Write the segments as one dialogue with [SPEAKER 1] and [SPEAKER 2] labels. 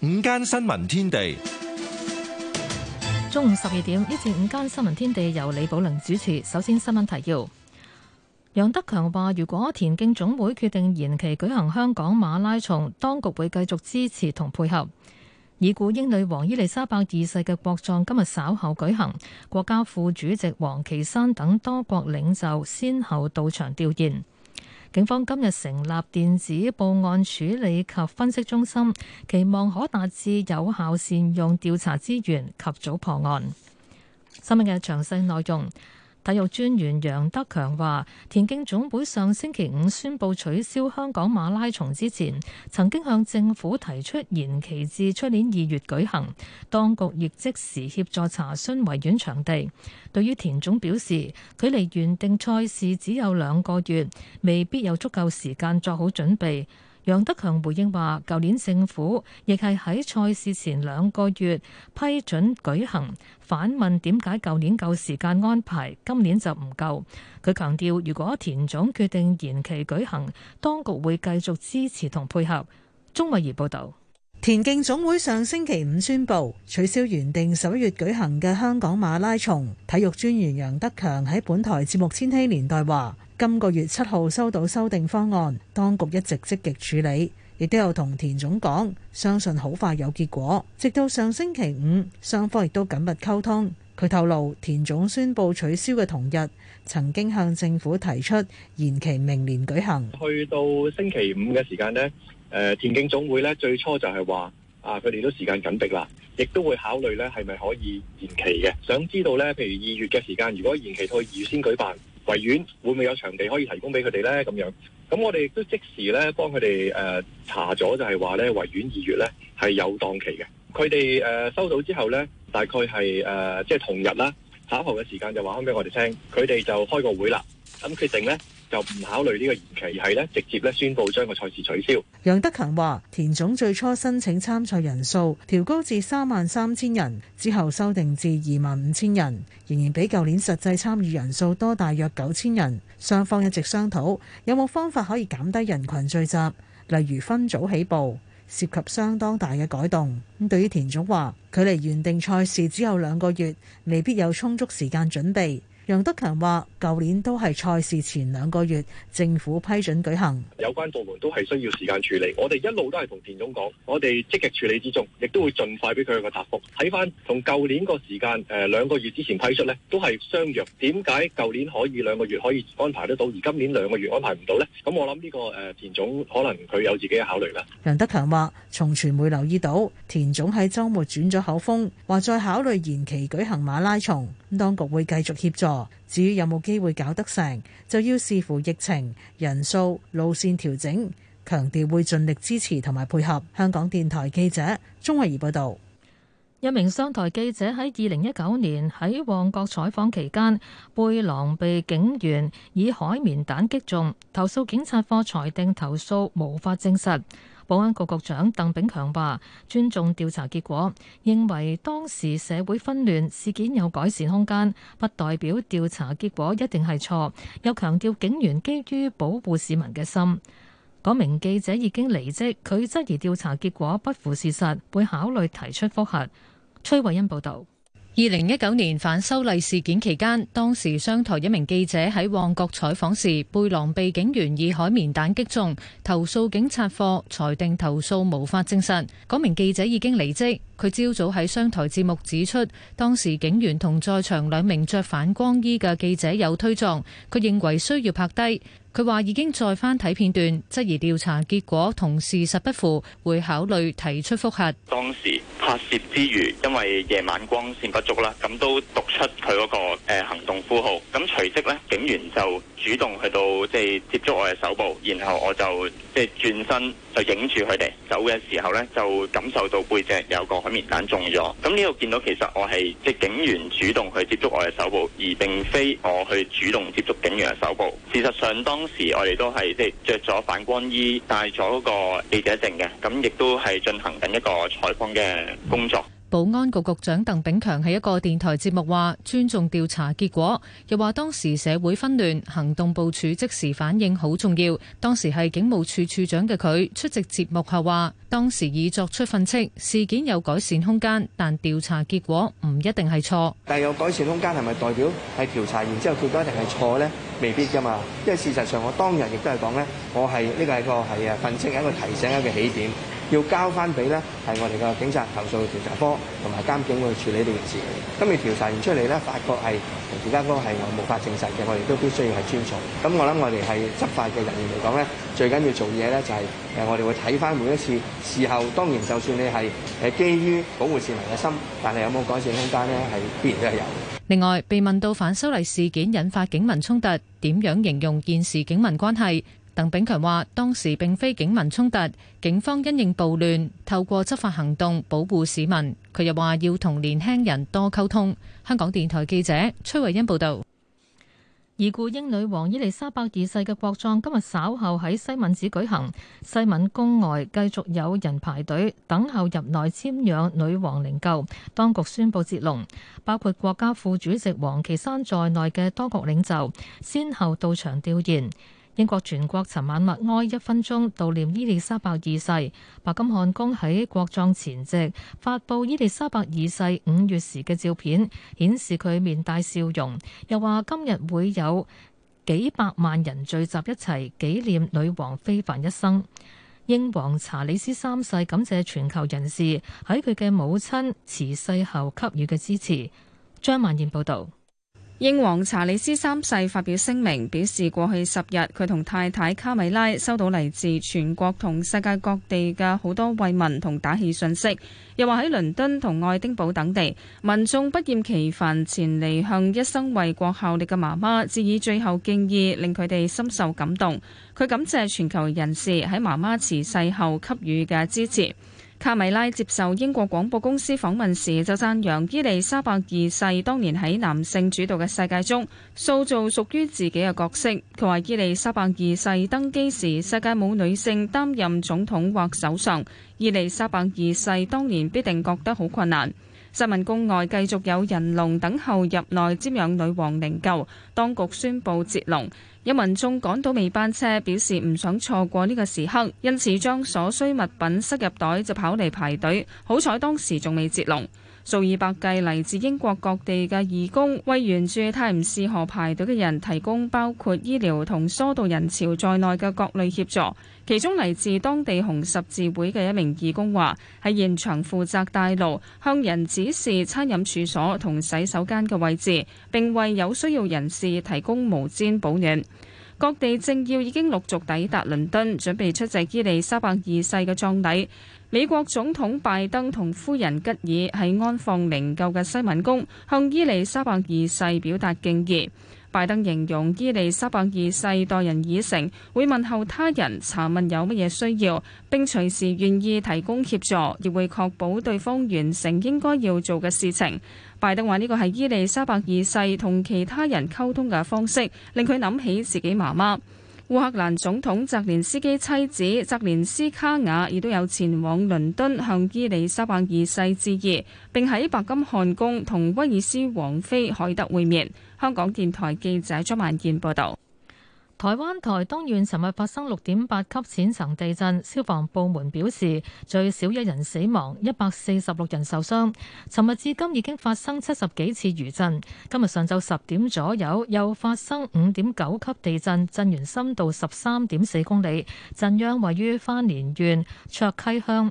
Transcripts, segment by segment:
[SPEAKER 1] 午間新聞天地，
[SPEAKER 2] 中午十二點，呢次午間新聞天地由李寶玲主持。首先新聞提要：楊德強話，如果田徑總會決定延期舉行香港馬拉松，當局會繼續支持同配合。已故英女王伊麗莎白二世嘅國葬今日稍後舉行，國家副主席王岐山等多國領袖先後到場弔唁。警方今日成立電子報案處理及分析中心，期望可達至有效善用調查資源，及早破案。新聞嘅詳細內容。體育專員楊德強話：田徑總會上星期五宣佈取消香港馬拉松之前，曾經向政府提出延期至出年二月舉行，當局亦即時協助查詢維園場地。對於田總表示，距離原定賽事只有兩個月，未必有足夠時間作好準備。楊德強回應話，舊年政府亦係喺賽事前兩個月批准舉行，反問點解舊年夠時間安排，今年就唔夠。佢強調，如果田總決定延期舉行，當局會繼續支持同配合。鍾慧儀報道。
[SPEAKER 3] 田徑總會上星期五宣佈取消原定十一月舉行嘅香港馬拉松。體育專員楊德強喺本台節目《千禧年代》話：今個月七號收到修訂方案，當局一直積極處理，亦都有同田總講，相信好快有結果。直到上星期五，雙方亦都緊密溝通。佢透露，田總宣佈取消嘅同日，曾經向政府提出延期明年舉行。
[SPEAKER 1] 去到星期五嘅時間呢？誒田徑總會咧，最初就係話，啊，佢哋都時間緊迫啦，亦都會考慮咧，係咪可以延期嘅？想知道咧，譬如二月嘅時間，如果延期到二月先舉辦，維園會唔會有場地可以提供俾佢哋咧？咁樣，咁我哋亦都即時咧幫佢哋誒查咗，就係話咧，維園二月咧係有檔期嘅。佢哋誒收到之後咧，大概係誒即係同日啦，稍後嘅時間就話翻俾我哋聽，佢哋就開個會啦，咁決定咧。就唔考慮呢個延期，而係呢直接呢宣佈將個賽事取消。
[SPEAKER 3] 楊德強話：田總最初申請參賽人數調高至三萬三千人，之後修訂至二萬五千人，仍然比舊年實際參與人數多大約九千人。雙方一直商討有冇方法可以減低人群聚集，例如分組起步，涉及相當大嘅改動。咁對於田總話，距離原定賽事只有兩個月，未必有充足時間準備。楊德強話：舊年都係賽事前兩個月，政府批准舉行。
[SPEAKER 1] 有關部門都係需要時間處理。我哋一路都係同田總講，我哋積極處理之中，亦都會盡快俾佢個答覆。睇翻同舊年個時間，誒，兩個月之前批出咧，都係相若。點解舊年可以兩個月可以安排得到，而今年兩個月安排唔到咧？咁我諗呢個誒，田總可能佢有自己嘅考慮啦。
[SPEAKER 3] 楊德強話：從傳媒留意到，田總喺周末轉咗口風，話再考慮延期舉行馬拉松。當局會繼續協助。至於有冇機會搞得成，就要視乎疫情、人數、路線調整。強調會盡力支持同埋配合。香港電台記者鍾慧儀報導。
[SPEAKER 2] 一名商台記者喺二零一九年喺旺角採訪期間，背囊被警員以海綿彈擊中，投訴警察課裁定投訴無法證實。保安局局長鄧炳強話：尊重調查結果，認為當時社會紛亂，事件有改善空間，不代表調查結果一定係錯。又強調警員基於保護市民嘅心。嗰名記者已經離職，佢質疑調查結果不符事實，會考慮提出覆核。崔慧欣報道。二零一九年反修
[SPEAKER 4] 例事件期間，當時商台一名記者喺旺角採訪時，背囊被警員以海綿彈擊中，投訴警察課，裁定投訴無法證實，嗰名記者已經離職。佢朝早喺商台節目指出，當時警員同在場兩名著反光衣嘅記者有推撞，佢認為需要拍低。佢話已經再翻睇片段，質疑調查結果同事實不符，會考慮提出複核。
[SPEAKER 1] 當時拍攝之餘，因為夜晚光線不足啦，咁都讀出佢嗰個誒行動呼號，咁隨即咧警員就主動去到即係接觸我嘅手部，然後我就即係轉身。就影住佢哋走嘅時候呢，就感受到背脊有個海綿彈中咗。咁呢度見到其實我係即警員主動去接觸我嘅手部，而並非我去主動接觸警員嘅手部。事實上當時我哋都係即着咗反光衣，戴咗個記者證嘅，咁亦都係進行緊一
[SPEAKER 2] 個採訪嘅工作。
[SPEAKER 4] 保安局局長鄧炳強喺一個電台節目話尊重調查結果，又話當時社會紛亂，行動部署即時反應好重要。當時係警務處處長嘅佢出席節目後話，當時已作出訓斥，事件有改善空間，但調查結果唔一定係錯。
[SPEAKER 5] 但有改善空
[SPEAKER 6] 間係咪代表係調查完之後結果一定係錯呢？未必噶嘛，因為事實上我當日亦都係講呢，我係呢、這個係個係啊訓斥，一個提醒，一個起點。要交翻俾咧，係我哋個警察投訴調查科同埋監警去處理呢件事。咁你調查完出嚟咧，發覺係調查科係我無法證實嘅，我哋都必須要係尊重。咁我諗我哋係執法嘅人員嚟講咧，最緊要做嘢咧就係誒，我哋會睇翻每一次事後，當然就算你係誒基於保護市民嘅心，但係有冇改善空間咧，係必然都係有。
[SPEAKER 4] 另外，被問到反修例事件引發警民衝突，點樣形容現時警民關係？鄧炳強話：當時並非警民衝突，警方因應暴亂，透過執法行動保護市民。佢又話要同年輕人多溝通。香港電台記者崔慧
[SPEAKER 2] 欣報道。而故英女王伊麗莎白二世嘅國葬今日稍後喺西敏寺舉行，西敏宮外繼續有人排隊等候入內瞻仰女王靈柩。當局宣布接龍，包括國家副主席王岐山在內嘅多國領袖先後到場弔唁。」英國全國尋晚默哀一分鐘，悼念伊麗莎白二世。白金漢宮喺國葬前夕發布伊麗莎白二世五月時嘅照片，顯示佢面帶笑容。又話今日會有幾百萬人聚集一齊紀念女王非凡一生。英皇查理斯三世感謝全球人士喺佢嘅母親辭世後給予嘅支持。張曼燕報道。
[SPEAKER 7] 英皇查理斯三世發表聲明，表示過去十日，佢同太太卡米拉收到嚟自全國同世界各地嘅好多慰問同打氣信息，又話喺倫敦同愛丁堡等地，民眾不厭其煩前嚟向一生為國效力嘅媽媽致以最後敬意，令佢哋深受感動。佢感謝全球人士喺媽媽辭世後給予嘅支持。卡米拉接受英國廣播公司訪問時就讚揚伊利沙白二世當年喺男性主導嘅世界中塑造屬於自己嘅角色。佢話伊利沙白二世登基時世界冇女性擔任總統或首相，伊利沙白二世當年必定覺得好困難。新民宮外繼續有人龍等候入內瞻仰女王靈柩，當局宣布截龍。有民眾趕到尾班車，表示唔想錯過呢個時刻，因此將所需物品塞入袋就跑嚟排隊。好彩當時仲未截龍。數以百計嚟自英國各地嘅義工，為援助泰晤士河排隊嘅人提供包括醫療同疏導人潮在內嘅各類協助。其中嚟自當地紅十字會嘅一名義工話：喺現場負責帶路，向人指示餐飲處所同洗手間嘅位置，並為有需要人士提供毛氈保暖。各地政要已經陸續抵達倫敦，準備出席伊利沙伯二世嘅葬禮。美國總統拜登同夫人吉爾喺安放靈柩嘅西敏宮向伊利沙伯二世表達敬意。拜登形容伊利沙伯二世待人以誠，會問候他人，查問有乜嘢需要，並隨時願意提供協助，亦會確保對方完成應該要做嘅事情。拜登話呢個係伊利沙伯二世同其他人溝通嘅方式，令佢諗起自己媽媽。烏克蘭總統澤連斯基妻子澤連斯卡雅亦都有前往倫敦向伊莉莎白二世致意，並喺白金漢宮同威爾斯王妃凱特會面。香港電台記者張萬健報道。台灣台東縣尋
[SPEAKER 2] 日發生六點八級淺層地震，消防部門表示最少一人死亡，一百四十六人受傷。尋日至今已經發生七十幾次餘震。今日上晝十點左右又發生五點九級地震，震源深度十三點四公里，震央位於花蓮縣卓溪鄉。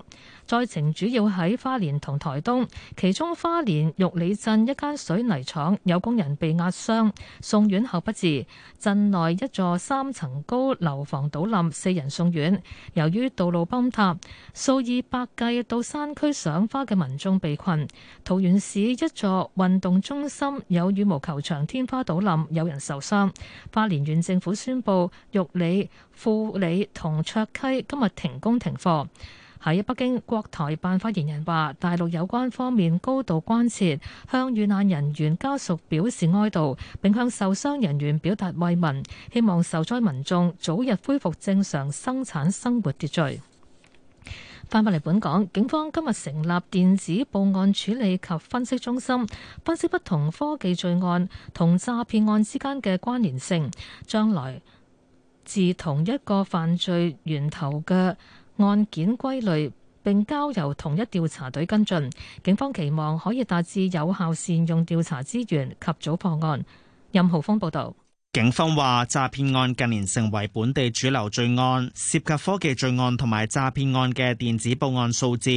[SPEAKER 2] 災情主要喺花蓮同台東，其中花蓮玉里鎮一間水泥廠有工人被壓傷，送院後不治。鎮內一座三層高樓房倒冧，四人送院。由於道路崩塌，數以百計到山區賞花嘅民眾被困。桃園市一座運動中心有羽毛球場天花倒冧，有人受傷。花蓮縣政府宣布玉里、富里同卓溪今日停工停課。喺北京，國台辦發言人話，大陸有關方面高度關切，向遇難人員家屬表示哀悼，並向受傷人員表達慰問，希望受災民眾早日恢復正常生產生活秩序。翻返嚟本港，警方今日成立電子報案處理及分析中心，分析不同科技罪案同詐騙案之間嘅關聯性，將來自同一個犯罪源頭嘅。案件歸類並交由同一調查隊跟進，警方期望可以達至有效善用調查資源及早破案。任浩峰報導。
[SPEAKER 8] 警方話，詐騙案近年成為本地主流罪案，涉及科技罪案同埋詐騙案嘅電子報案數字，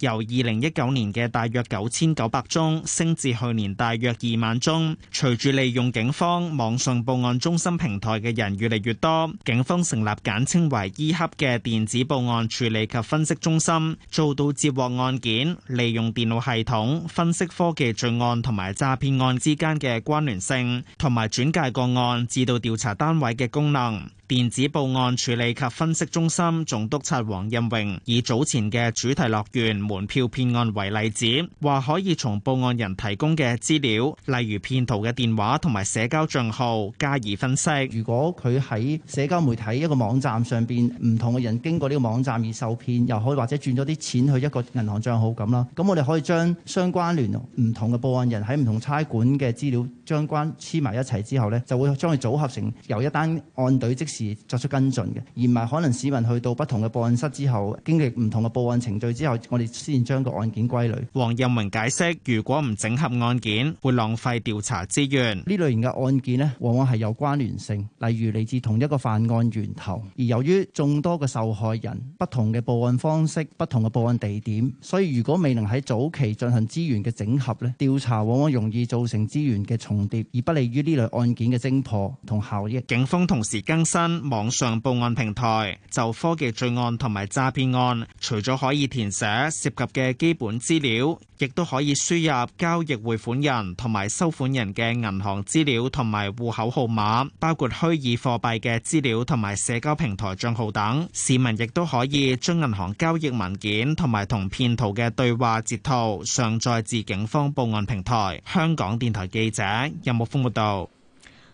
[SPEAKER 8] 由二零一九年嘅大約九千九百宗，升至去年大約二萬宗。隨住利用警方網上報案中心平台嘅人越嚟越多，警方成立簡稱為 E 合嘅電子報案處理及分析中心，做到接獲案件，利用電腦系統分析科技罪案同埋詐騙案之間嘅關聯性，同埋轉介個案。按自調查單位嘅功能。電子報案處理及分析中心總督察黃任榮以早前嘅主題樂園門票騙案為例子，話可以從報案人提供嘅資料，例如騙徒嘅電話同埋社交帳號加以分析。如果佢喺社交媒體一個網站上面，唔同嘅人經過呢個網站而受騙，又可以或者轉咗啲錢去一個銀行帳號咁啦，咁我哋可以將相關聯唔同嘅報案人喺唔同差館嘅資料相關黐埋一齊之後呢就會將佢組合成由一單案隊即。作出跟進嘅，而唔係可能市民去到不同嘅報案室之後，經歷唔同嘅報案程序之後，我哋先將個案件歸類。黃任明解釋，如果唔整合案件，會浪費調查資源。呢類型嘅案件咧，往往係有關聯性，例如嚟自同一個犯案源頭，而由於眾多嘅受害人、不同嘅報案方式、不同嘅報案地點，所以如果未能喺早期進行資源嘅整合咧，調查往往容易造成資源嘅重疊，而不利於呢類案件嘅偵破同效益。警方同時更新。網上報案平台就科技罪案同埋詐騙案，除咗可以填寫涉及嘅基本資料，亦都可以輸入交易匯款人同埋收款人嘅銀行資料同埋戶口號碼，包括虛擬貨幣嘅資料同埋社交平台賬號等。市民亦都可以將銀行交易文件同埋同騙徒嘅對話截圖上載至警方報案平台。香港電台記者任木峰報道。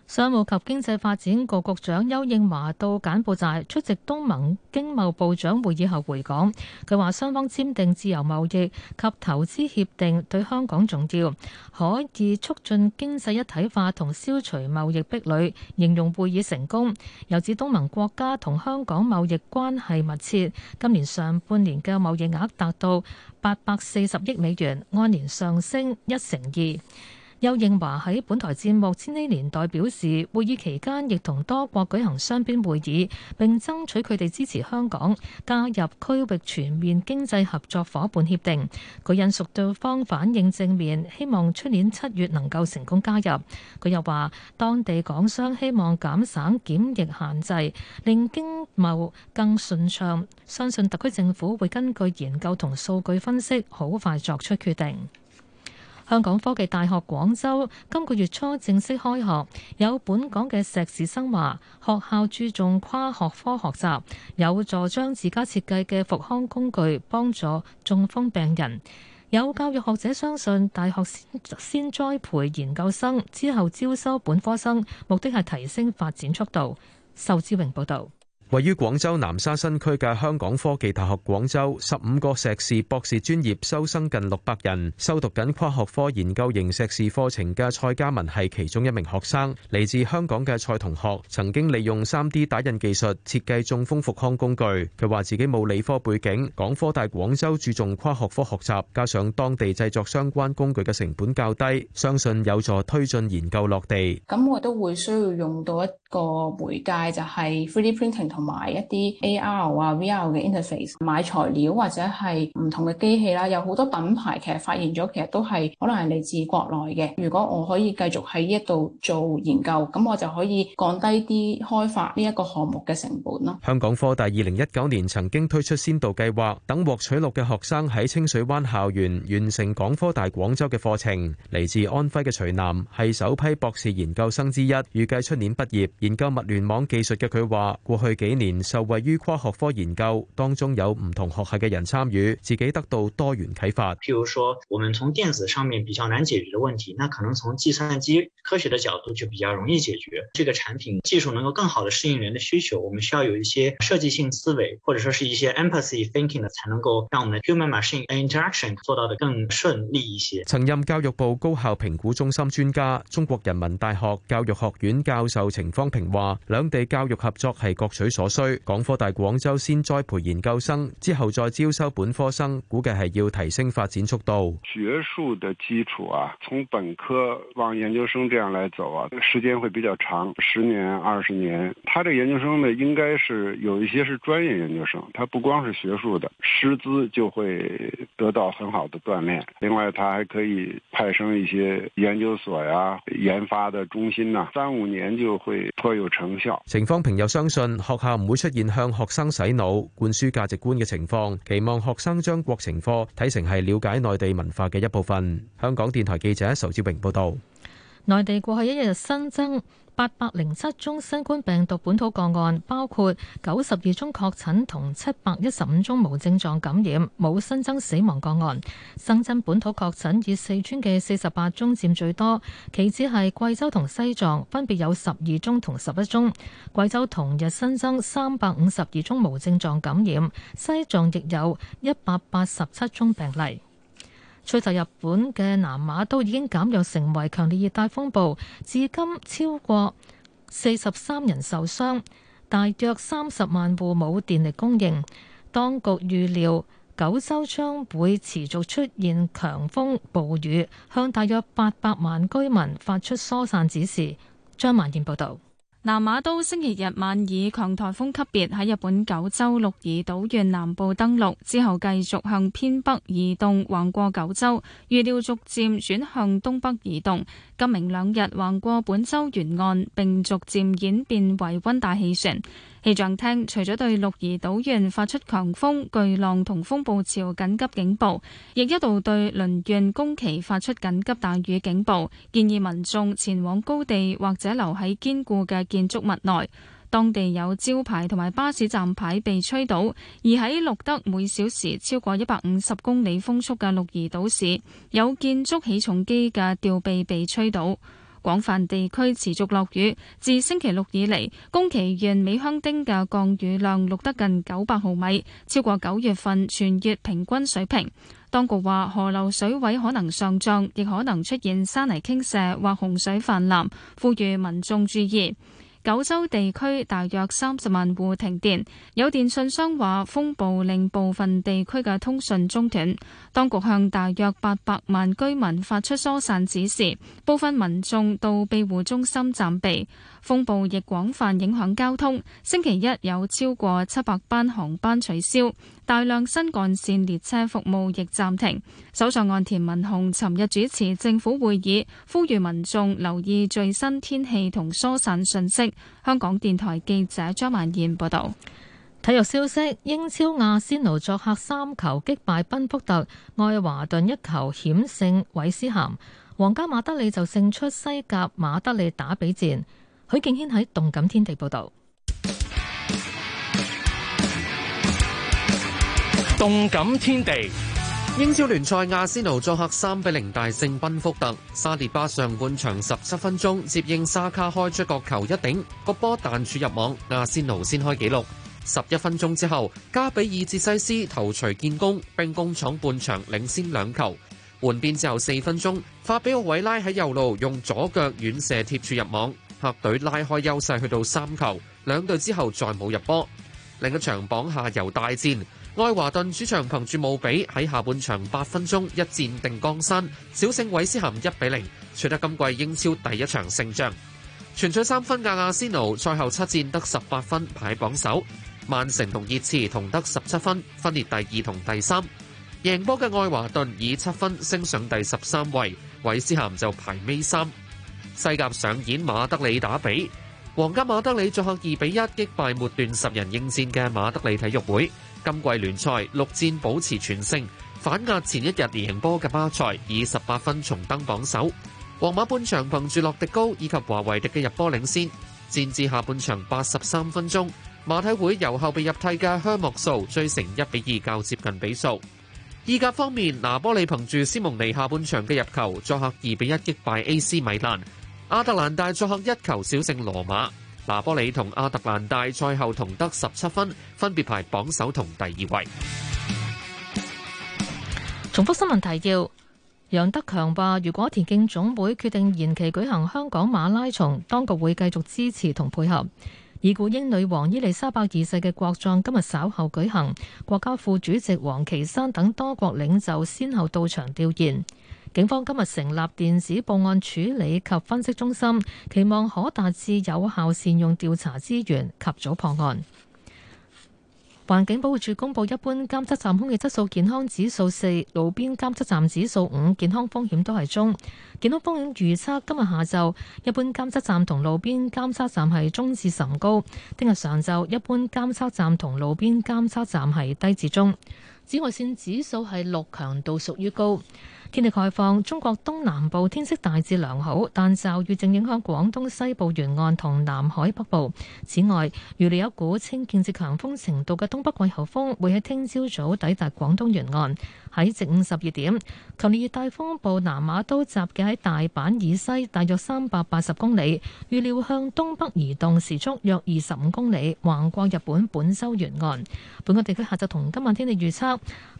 [SPEAKER 2] 商務及經濟發展局局長丘應樺到柬埔寨出席東盟經貿部長會議後回港，佢話雙方簽訂自由貿易及投資協定對香港重要，可以促進經濟一體化同消除貿易壁壘，形容會議成功。又指東盟國家同香港貿易關係密切，今年上半年嘅貿易額達到八百四十億美元，按年上升一成二。邱應華喺本台節目《千禧年代》表示，會議期間亦同多國舉行雙邊會議，並爭取佢哋支持香港加入區域全面經濟合作伙伴協定。佢引述對方反應正面，希望出年七月能夠成功加入。佢又話，當地港商希望減省檢疫限制，令經貿更順暢，相信特區政府會根據研究同數據分析，好快作出決定。香港科技大學廣州今個月初正式開學，有本港嘅碩士生話，學校注重跨學科學習，有助將自家設計嘅復康工具幫助中風病人。有教育學者相信，大學先先栽培研究生之後招收本科生，目的係提升發展速度。仇志榮報道。
[SPEAKER 5] 位於廣州南沙新區嘅香港科技大學廣州，十五個碩士博士專業收生近六百人。修讀緊跨學科研究型碩士課程嘅蔡嘉文係其中一名學生。嚟自香港嘅蔡同學，曾經利用 3D 打印技術設計中風復康工具。佢話自己冇理科背景，港科大廣州注重跨學科學習，加上當地製作相關工具嘅成本較低，相信有助推進研
[SPEAKER 7] 究落地。咁我都會需要用到一個媒介就係 3D printing 同埋一啲 AR 啊 VR 嘅 interface，買材料或者係唔同嘅機器啦，有好多品牌其實發現咗，其實都係可能係嚟自國內嘅。如果我可以繼續喺呢一度做研究，咁我就可以降低啲開發呢一個項目嘅成本咯。
[SPEAKER 5] 香港科大二零一九年曾經推出先導計劃，等獲取錄嘅學生喺清水灣校園完成港科大廣州嘅課程。嚟自安徽嘅徐楠係首批博士研究生之一，預計出年畢業。研究物聯網技術嘅佢話：過去幾年受惠於跨學科研究，當中有唔同學系嘅人參與，自己得到多元
[SPEAKER 8] 啟發。譬如說，我們從電子上面比較難解決的問題，那可能從計算機科學的角度就比較容易解決。這個產品技術能夠更好的適應人的需求，我們需要有一些設計性思維，或者說是一些 empathy thinking，才能夠讓我們的 human machine interaction 做到得更順利一些。
[SPEAKER 5] 曾任教育部高校評估中心專家、中國人民大學教育學院教授程方。平話兩地教育合作係各取所需，港科大廣州先栽培研究生，之後再招收本科生，估計係要提升發展速度。
[SPEAKER 1] 學術的基礎啊，從本科往研究生這樣來走啊，時間會比較長，十年、二十年。他這研究生呢，應該是有一些是專業研究生，他不光是學術的，師資就會得到很好的鍛煉。另外，他還可以派生一些研究所呀、啊、研發的中心啊，三五年就會。頗有成效。
[SPEAKER 5] 程方平又相信學校唔會出現向學生洗腦、灌輸價值觀嘅情況，期望學生將國情課睇成係了解內地文化嘅一部分。香港電台記者仇志榮報道。
[SPEAKER 2] 內地過去一日新增八百零七宗新冠病毒本土個案，包括九十二宗確診同七百一十五宗無症狀感染，冇新增死亡個案。新增本土確診以四川嘅四十八宗佔最多，其次係貴州同西藏，分別有十二宗同十一宗。貴州同日新增三百五十二宗無症狀感染，西藏亦有一百八十七宗病例。吹襲日本嘅南馬都已經減弱成為強烈熱帶風暴，至今超過四十三人受傷，大約三十萬戶冇電力供應。當局預料，九州將會持續出現強風暴雨，向大約八百萬居民發出疏散指示。張萬燕報道。
[SPEAKER 7] 南馬都星期日晚以強颱風級別喺日本九州鹿兒島縣南部登陸，之後繼續向偏北移動，橫過九州，預料逐漸轉向東北移動。今明兩日橫過本州沿岸，並逐漸演變為溫帶氣旋。氣象廳除咗對鹿兒島縣發出強風、巨浪同風暴潮緊急警報，亦一度對鄰縣宮崎發出緊急大雨警報，建議民眾前往高地或者留喺堅固嘅建築物內。當地有招牌同埋巴士站牌被吹倒，而喺錄得每小時超過一百五十公里風速嘅鹿兒島市，有建築起重機嘅吊臂被吹倒。廣泛地區持續落雨，自星期六以嚟，宮崎縣美香町嘅降雨量錄得近九百毫米，超過九月份全月平均水平。當局話河流水位可能上漲，亦可能出現山泥傾瀉或洪水氾濫，呼籲民眾注意。九州地區大約三十萬戶停電，有電信商話風暴令部分地區嘅通訊中斷。當局向大約八百萬居民發出疏散指示，部分民眾到庇護中心暫避。風暴亦廣泛影響交通，星期一有超過七百班航班取消。大量新幹線列車服務亦暫停。首相岸田文雄尋日主持政府會議，呼籲民眾留意最新天氣同疏散訊息。香港電台記者張萬燕報道。
[SPEAKER 2] 體育消息：英超亞仙奴作客三球擊敗賓福特，愛華頓一球險勝韋斯咸。皇家馬德里就勝出西甲馬德里打比戰。許敬軒喺動感天地報道。
[SPEAKER 9] 動感天地，
[SPEAKER 2] 英超
[SPEAKER 9] 聯賽，亞仙奴作客三比零大勝賓福特。沙列巴上半場十七分鐘接應沙卡開出角球一頂，個波彈柱入網，亞仙奴先開紀錄。十一分鐘之後，加比爾哲西斯頭錘建功，兵工廠半場領先兩球。換邊之後四分鐘，法比奧韋拉喺右路用左腳遠射貼柱入網，客隊拉開優勢去到三球。兩隊之後再冇入波。另一場榜下游大戰。愛華頓主場憑住慕比喺下半場八分鐘一戰定江山，小勝韋斯咸一比零，取得今季英超第一場勝仗，全取三分嘅阿仙奴賽後七戰得十八分排榜首，曼城同熱刺同得十七分，分列第二同第三。贏波嘅愛華頓以七分升上第十三位，韋斯咸就排尾三。西甲上演馬德里打比，皇家馬德里作客二比一擊敗末段十人應戰嘅馬德里體育會。今季聯賽六戰保持全勝，反壓前一日連贏波嘅巴塞，以十八分重登榜首。皇馬半場憑住洛迪高以及華為迪嘅入波領先，戰至下半場八十三分鐘，馬體會由後備入替嘅香木素追成一比二，較接近比數。意甲方面，拿波利憑住斯蒙尼下半場嘅入球，作客二比一擊敗 AC 米蘭；阿特蘭大作客一球小勝羅馬。拿波里同阿特蘭大賽後同得十七分，分別排榜首同第二位。
[SPEAKER 2] 重複新聞提要：楊德強話，如果田徑總會決定延期舉行香港馬拉松，當局會繼續支持同配合。已故英女王伊麗莎白二世嘅國葬今日稍後舉行，國家副主席王岐山等多國領袖先後到場弔唁。警方今日成立電子報案處理及分析中心，期望可達至有效善用調查資源及早破案。環境保護署公布，一般監測站空氣質素健康指數四，路邊監測站指數五，健康風險都係中。健康風險預測今日下晝一般監測站同路邊監測站係中至甚高，聽日上晝一般監測站同路邊監測站係低至中。紫外線指數係六，強度屬於高。天氣概況，中國東南部天色大致良好，但驟雨，正影響廣東西部沿岸同南海北部。此外，預料有股清勁至強風程度嘅東北季候風會喺聽朝早抵達廣東沿岸。喺正午十二點，強烈熱帶風暴南馬都集結喺大阪以西大約三百八十公里，預料向東北移動，時速約二十五公里，橫過日本本州沿岸。本港地區下晝同今晚天氣預測：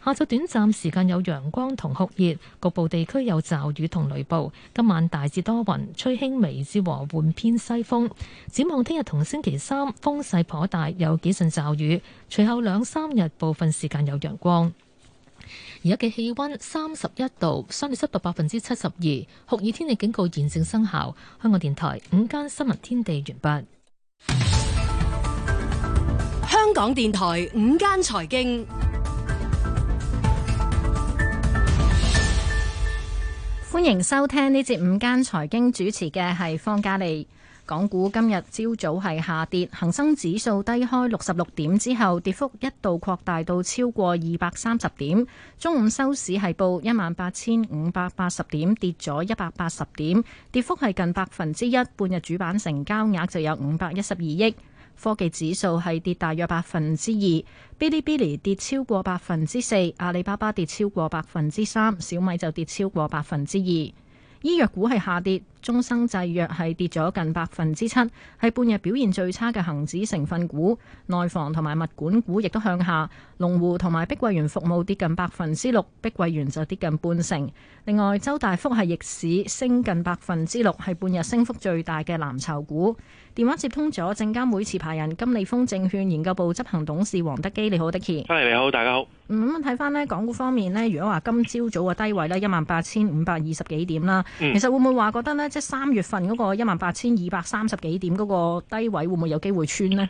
[SPEAKER 2] 下晝短暫時間有陽光同酷熱，局部地區有驟雨同雷暴。今晚大致多雲，吹輕微至和緩偏西風。展望聽日同星期三風勢頗大，有幾陣驟雨，隨後兩三日部分時間有陽光。而家嘅氣溫三十一度，相對濕度百分之七十二，酷熱天氣警告現正生效。香港電台午間新聞天地完畢。香
[SPEAKER 10] 港電台午間財經，歡迎收聽呢節午間財經主持嘅係方嘉莉。港股今日朝早係下跌，恒生指數低開六十六點之後，跌幅一度擴大到超過二百三十點。中午收市係報一萬八千五百八十點，跌咗一百八十點，跌幅係近百分之一。半日主板成交額就有五百一十二億。科技指數係跌大約百分之二，嗶哩嗶哩跌超過百分之四，阿里巴巴跌超過百分之三，小米就跌超過百分之二。醫藥股係下跌。中生製藥係跌咗近百分之七，係半日表現最差嘅恒指成分股。內房同埋物管股亦都向下，龍湖同埋碧桂園服務跌近百分之六，碧桂園就跌近半成。另外，周大福係逆市升近百分之六，係半日升幅最大嘅藍籌股。電話接通咗證監會持牌人金利豐證券研究部執行董事黃德基，你好 d i 你好，大家好。嗯，睇翻呢港股方面呢，如果話今朝早嘅低位呢，一萬八千五百二十幾點啦，其實會唔會話覺得呢？即係三月份嗰個一萬八千二百三十幾點嗰個低位，會唔會有機會穿咧？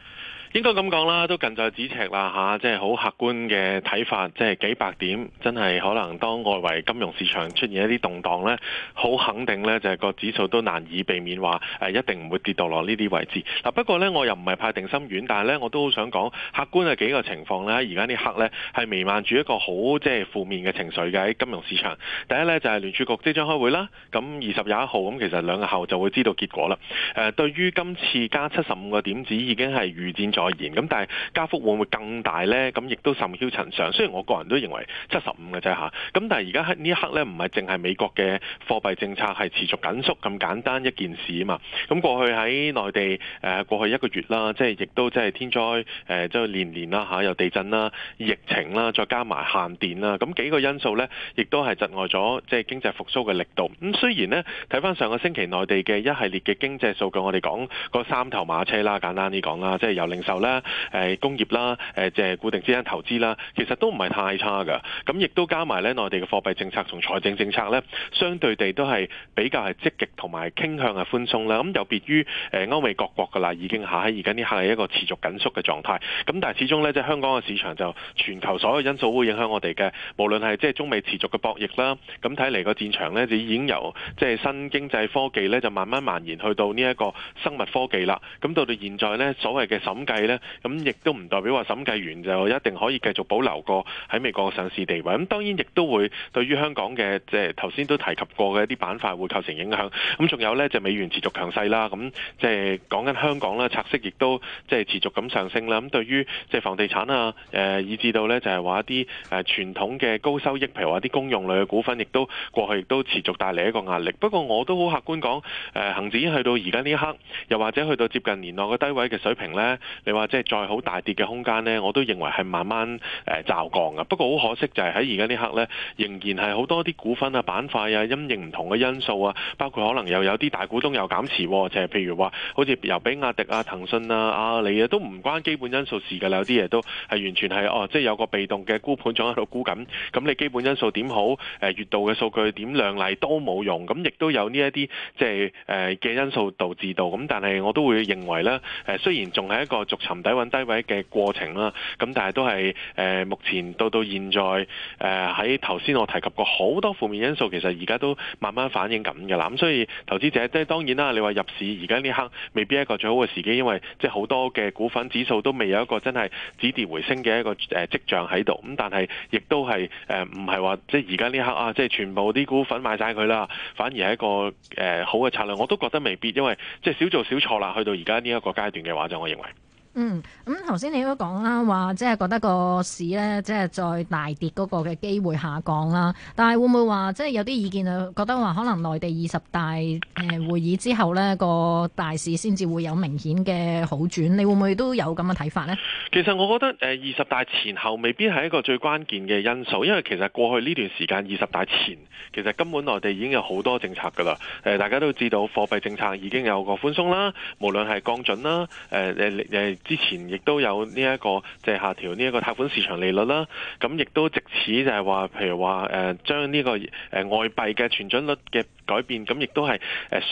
[SPEAKER 11] 應該咁講啦，都近在咫尺啦吓，即係好客觀嘅睇法，即係幾百點，真係可能當外圍金融市場出現一啲動盪呢，好肯定呢，就係個指數都難以避免話誒一定唔會跌到落呢啲位置。嗱不過呢，我又唔係派定心丸，但係呢，我都好想講，客觀係幾個情況呢。而家呢刻呢，係瀰漫住一個好即係負面嘅情緒嘅喺金融市場。第一呢，就係聯儲局即將開會啦，咁二十廿一號咁，其實兩日後就會知道結果啦。誒，對於今次加七十五個點子已經係預展咗。言咁，但係加幅會唔會更大呢？咁亦都甚囂塵上。雖然我個人都認為七十五嘅啫嚇，咁但係而家喺呢一刻呢，唔係淨係美國嘅貨幣政策係持續緊縮咁簡單一件事啊嘛。咁過去喺內地誒，過去一個月啦，即係亦都即係天災誒，即係年年啦嚇，有地震啦、疫情啦，再加埋限電啦，咁幾個因素呢，亦都係窒礙咗即係經濟復甦嘅力度。咁雖然呢，睇翻上個星期內地嘅一系列嘅經濟數據，我哋講個三頭馬車啦，簡單啲講啦，即係有零。就啦，誒工業啦，誒即係固定資產投資啦，其實都唔係太差㗎。咁亦都加埋咧，內地嘅貨幣政策同財政政策咧，相對地都係比較係積極同埋傾向係寬鬆啦。咁有別於誒歐美各國噶啦，已經喺而家呢係一個持續緊縮嘅狀態。咁但係始終咧，即係香港嘅市場就全球所有因素會影響我哋嘅，無論係即係中美持續嘅博弈啦。咁睇嚟個戰場咧，就已經由即係新經濟科技咧，就慢慢蔓延去到呢一個生物科技啦。咁到到現在咧，所謂嘅審計。係咧，咁亦都唔代表話審計完就一定可以繼續保留過喺美國嘅上市地位。咁當然亦都會對於香港嘅即係頭先都提及過嘅一啲板塊會構成影響。咁仲有咧，就美元持續強勢啦，咁即係講緊香港啦，拆息亦都即係持續咁上升啦。咁對於即係房地產啊，誒以至到咧就係話一啲誒傳統嘅高收益，譬如話啲公用類嘅股份，亦都過去亦都持續帶嚟一個壓力。不過我都好客觀講，誒恒指去到而家呢一刻，又或者去到接近年內嘅低位嘅水平咧。你話即係再好大跌嘅空間呢，我都認為係慢慢誒驟降嘅。不過好可惜就係喺而家呢刻呢，仍然係好多啲股份啊、板塊啊、陰影唔同嘅因素啊，包括可能又有啲大股東又減持、啊，就係、是、譬如話好似由比亞迪啊、騰訊啊、阿里啊，都唔關基本因素事㗎啦。有啲嘢都係完全係哦，即、就、係、是、有個被動嘅沽盤仲喺度沽緊。咁你基本因素點好？誒、呃、月度嘅數據點亮麗都冇用。咁亦都有呢一啲即係嘅因素導致到。咁但係我都會認為呢，雖然仲係一個沉底揾低位嘅過程啦，咁但係都係誒目前到到現在誒，喺頭先我提及過好多負面因素，其實而家都慢慢反映緊噶啦。咁所以投資者即係當然啦，你話入市而家呢刻未必係一個最好嘅時機，因為即係好多嘅股份指數都未有一個真係止跌回升嘅一個誒跡象喺度。咁但係亦都係誒唔係話即係而家呢刻啊，即係全部啲股份賣晒佢啦，反而係一個誒好嘅策略。我都覺得未必，因為即係少做少錯啦。去到而家呢一個階段嘅話，就我認為。
[SPEAKER 10] 嗯，咁頭先你都講啦，話即係覺得個市咧，即係再大跌嗰個嘅機會下降啦。但係會唔會話，即係有啲意見啊，覺得話可能內地二十大誒會議之後咧，個大市先至會有明顯嘅好轉？你會唔會都有咁嘅睇法呢？
[SPEAKER 11] 其實我覺得誒二十大前後未必係一個最關鍵嘅因素，因為其實過去呢段時間二十大前其實根本內地已經有好多政策㗎啦。誒大家都知道貨幣政策已經有個寬鬆啦，無論係降準啦，呃呃呃之前亦都有呢、這、一個，即、就、係、是、下調呢一個貸款市場利率啦，咁亦都藉此就係話，譬如話誒將呢個誒、呃、外幣嘅存準率嘅改變，咁亦都係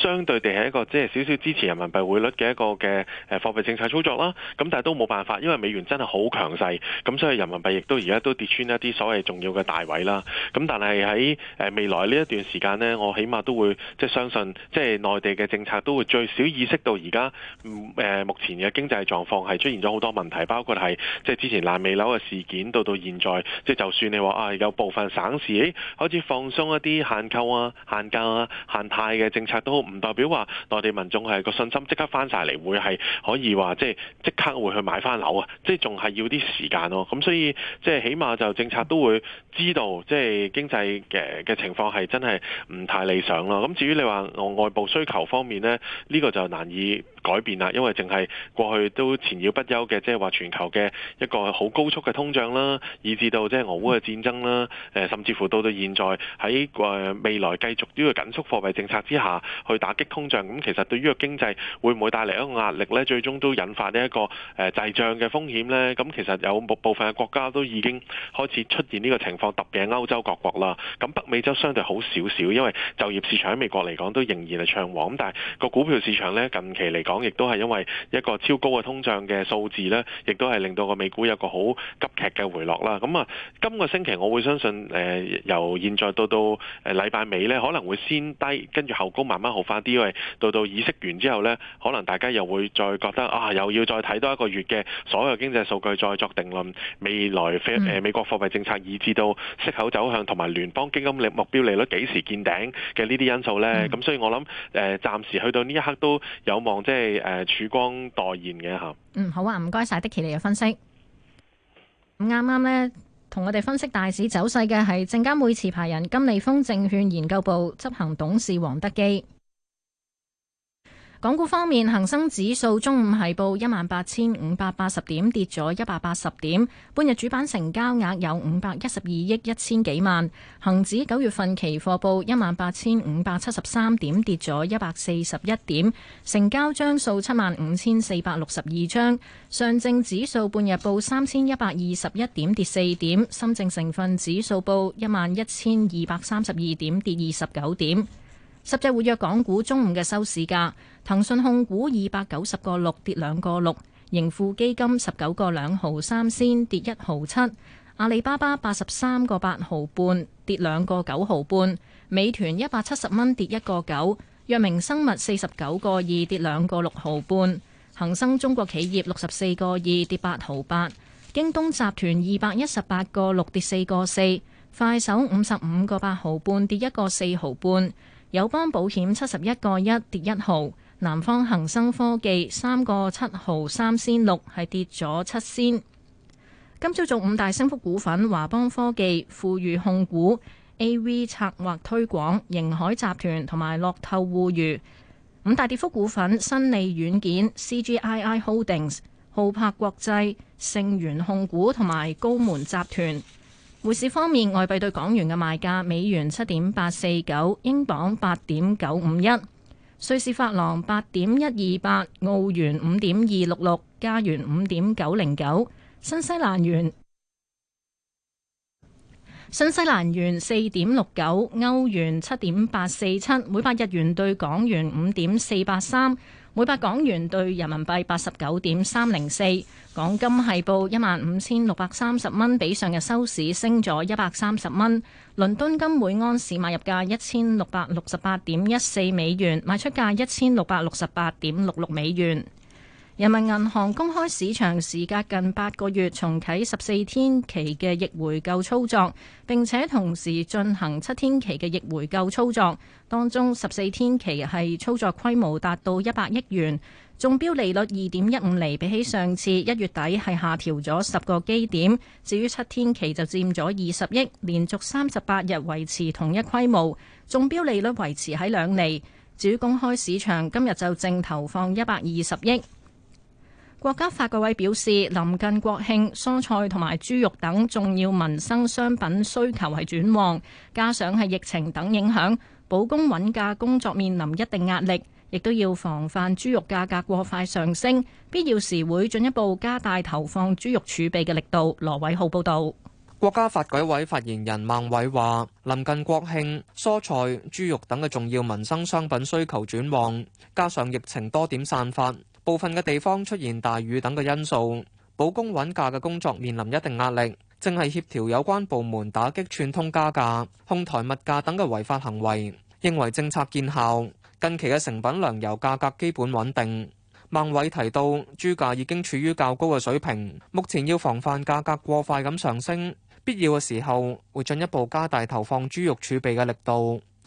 [SPEAKER 11] 相對地係一個即係少少支持人民幣匯率嘅一個嘅誒貨幣政策操作啦。咁但係都冇辦法，因為美元真係好強勢，咁所以人民幣亦都而家都跌穿一啲所謂重要嘅大位啦。咁但係喺未來呢一段時間呢，我起碼都會即係相信，即係內地嘅政策都會最少意識到而家誒目前嘅經濟狀況係出現咗好多問題，包括係即係之前爛尾樓嘅事件，到到現在，即係就算你話啊有部分省市開始放鬆一啲限購啊、限價啊。限貸嘅政策都唔代表話內地民眾係個信心即刻翻晒嚟，會係可以話即係即刻會去買翻樓啊！即係仲係要啲時間咯。咁所以即係起碼就政策都會知道，即係經濟嘅嘅情況係真係唔太理想咯。咁至於你話外外部需求方面呢，呢、呢個就難以改變啦，因為淨係過去都纏繞不休嘅，即係話全球嘅一個好高速嘅通脹啦，以至到即係俄烏嘅戰爭啦，誒甚至乎到到現在喺誒未來繼續呢個緊縮貨幣政策之下，去打擊通脹，咁其實對於個經濟會唔會帶嚟一個壓力呢？最終都引發呢一個誒滯脹嘅風險呢。咁其實有部分嘅國家都已經開始出現呢個情況，特別係歐洲各國啦。咁北美洲相對好少少，因為就業市場喺美國嚟講都仍然係暢旺，咁但係個股票市場呢，近期嚟講，講亦都係因為一個超高嘅通脹嘅數字咧，亦都係令到個美股有個好急劇嘅回落啦。咁、嗯、啊，今、這個星期我會相信誒、呃、由現在到到誒禮拜尾咧，可能會先低，跟住後高慢慢好翻啲，因為到到議息完之後咧，可能大家又會再覺得啊，又要再睇多一個月嘅所有經濟數據再作定論未來誒、呃、美國貨幣政策以至到息口走向同埋聯邦基金利目標利率幾時見頂嘅呢啲因素咧。咁、嗯嗯、所以我諗誒、呃、暫時去到呢一刻都有望即係。.係誒，曙光代言嘅吓。
[SPEAKER 10] 嗯，好啊，唔該晒，的奇你嘅分析。啱啱呢，同我哋分析大市走勢嘅係證監會持牌人金利豐證券研究部執行董事黃德基。港股方面，恒生指數中午係報一萬八千五百八十點，跌咗一百八十點，半日主板成交額有五百一十二億一千幾萬。恒指九月份期貨報一萬八千五百七十三點，跌咗一百四十一點，成交張數七萬五千四百六十二張，上證指數半日報三千一百二十一點，跌四點，深證成分指數報一萬一千二百三十二點，跌二十九點。十隻活躍港股中午嘅收市價，騰訊控股二百九十個六跌兩個六，盈富基金十九個兩毫三仙跌一毫七，阿里巴巴八十三個八毫半跌兩個九毫半，美團一百七十蚊跌一個九，藥明生物四十九個二跌兩個六毫半，恒生中國企業六十四個二跌八毫八，京東集團二百一十八個六跌四個四，快手五十五個八毫半跌一個四毫半。友邦保險七十一個一跌一毫，南方恒生科技三個七毫三仙六，係跌咗七仙。今朝早做五大升幅股份：華邦科技、富裕控股、A V 策劃推廣、盈海集團同埋樂透互娛。五大跌幅股份：新利軟件、C G I I Holdings、浩柏國際、盛源控股同埋高門集團。匯市方面，外幣對港元嘅賣價：美元七點八四九，英鎊八點九五一，瑞士法郎八點一二八，澳元五點二六六，加元五點九零九，新西蘭元。新西蘭元四點六九，歐元七點八四七，每百日元對港元五點四八三。每百港元兌人民幣八十九點三零四，港金係報一萬五千六百三十蚊，比上日收市升咗一百三十蚊。倫敦金每安士買入價一千六百六十八點一四美元，賣出價一千六百六十八點六六美元。人民銀行公開市場，時隔近八個月，重啟十四天期嘅逆回購操作，並且同時進行七天期嘅逆回購操作。當中十四天期係操作規模達到一百億元，中標利率二點一五厘，比起上次一月底係下調咗十個基點。至於七天期就佔咗二十億，連續三十八日維持同一規模，中標利率維持喺兩厘。至於公開市場今日就淨投放一百二十億。國家發改委表示，臨近國慶，蔬菜同埋豬肉等重要民生商品需求係轉旺，加上係疫情等影響，保供穩價工作面臨一定壓力，亦都要防範豬肉價格過快上升，必要時會進一步加大投放豬肉儲備嘅力度。羅偉浩報道。
[SPEAKER 6] 國家發改委發言人孟偉話，臨近國慶，蔬菜、豬肉等嘅重要民生商品需求轉旺，加上疫情多點散發。部分嘅地方出現大雨等嘅因素，保供穩價嘅工作面臨一定壓力。正係協調有關部門打擊串通加價、哄抬物價等嘅違法行為，認為政策見效。近期嘅成品糧油價格基本穩定。孟偉提到，豬價已經處於較高嘅水平，目前要防範價格過快咁上升，必要嘅時候會進一步加大投放豬肉儲備嘅力度。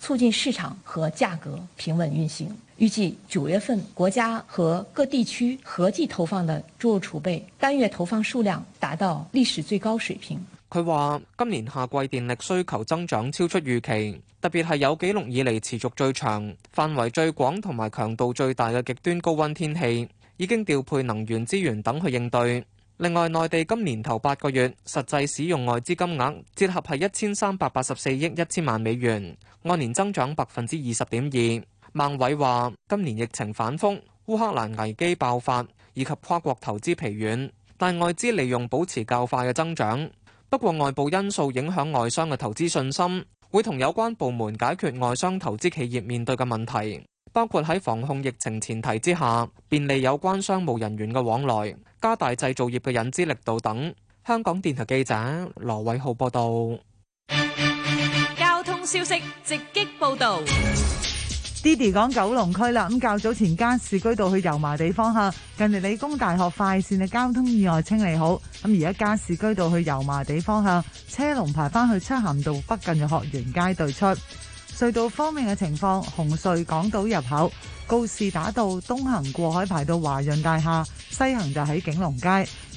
[SPEAKER 2] 促進市場和價格平穩運行。預計九月份，國家和各地區合計投放的豬肉儲備，單月投放數量達到歷史最高水平。
[SPEAKER 6] 佢話今年夏季電力需求增長超出預期，特別係有紀錄以嚟持續最長、範圍最廣同埋強度最大嘅極端高溫天氣，已經調配能源資源等去應對。另外，內地今年頭八個月實際使用外資金額折合係一千三百八十四億一千萬美元，按年增長百分之二十點二。孟偉話：今年疫情反覆、烏克蘭危機爆發以及跨國投資疲軟，但外資利用保持較快嘅增長。不過，外部因素影響外商嘅投資信心，會同有關部門解決外商投資企業面對嘅問題，包括喺防控疫情前提之下，便利有關商務人員嘅往來。加大製造業嘅引資力度等。香港電台記者羅偉浩報道。
[SPEAKER 4] 交通消息直擊報導。
[SPEAKER 12] d d d y 講九龍區啦，咁較早前加士居道去油麻地方向，近日理工大學快線嘅交通意外清理好。咁而家加士居道去油麻地方向，車龍排翻去漆咸道北近嘅學園街對出，隧道方面嘅情況，紅隧港島入口。告士打道東行過海排到華潤大廈，西行就喺景隆街。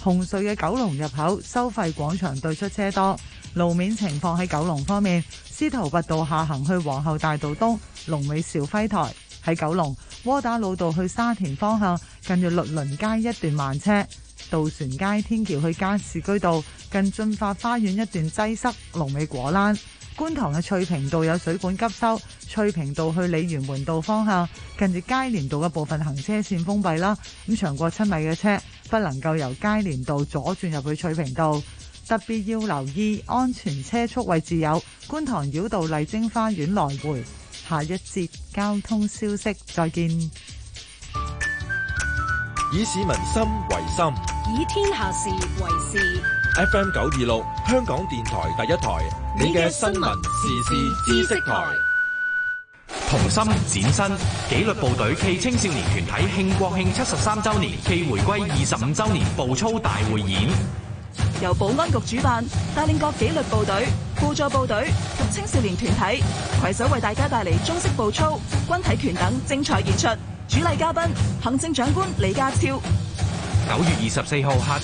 [SPEAKER 12] 紅隧嘅九龍入口收費廣場對出車多，路面情況喺九龍方面。司徒拔道下行去皇后大道東，龍尾兆輝台喺九龍。窩打老道去沙田方向，近住律倫街一段慢車。渡船街天橋去加士居道，近駿發花園一段擠塞，龍尾果欄。觀塘嘅翠屏道有水管急修，翠屏道去鯉魚門道方向近住街聯道嘅部分行車線封閉啦。咁長過七米嘅車不能夠由街聯道左轉入去翠屏道，特別要留意安全車速位置，有觀塘繞道麗晶花園來回。下一節交通消息再見。
[SPEAKER 1] 以市民心為心，
[SPEAKER 10] 以天下事為事。
[SPEAKER 1] FM 九二六，香港電台第一台。你嘅新聞時事知識台，同心展新紀律部隊暨青少年團體慶國慶七十三周年暨回歸二十五周年步操大會演，
[SPEAKER 7] 由保安局主辦，帶領各紀律部隊、輔助部隊及青少年團體，携手為大家帶嚟中式步操、軍體拳等精彩演出。主禮嘉賓行政長官李家超，九月二十四號下。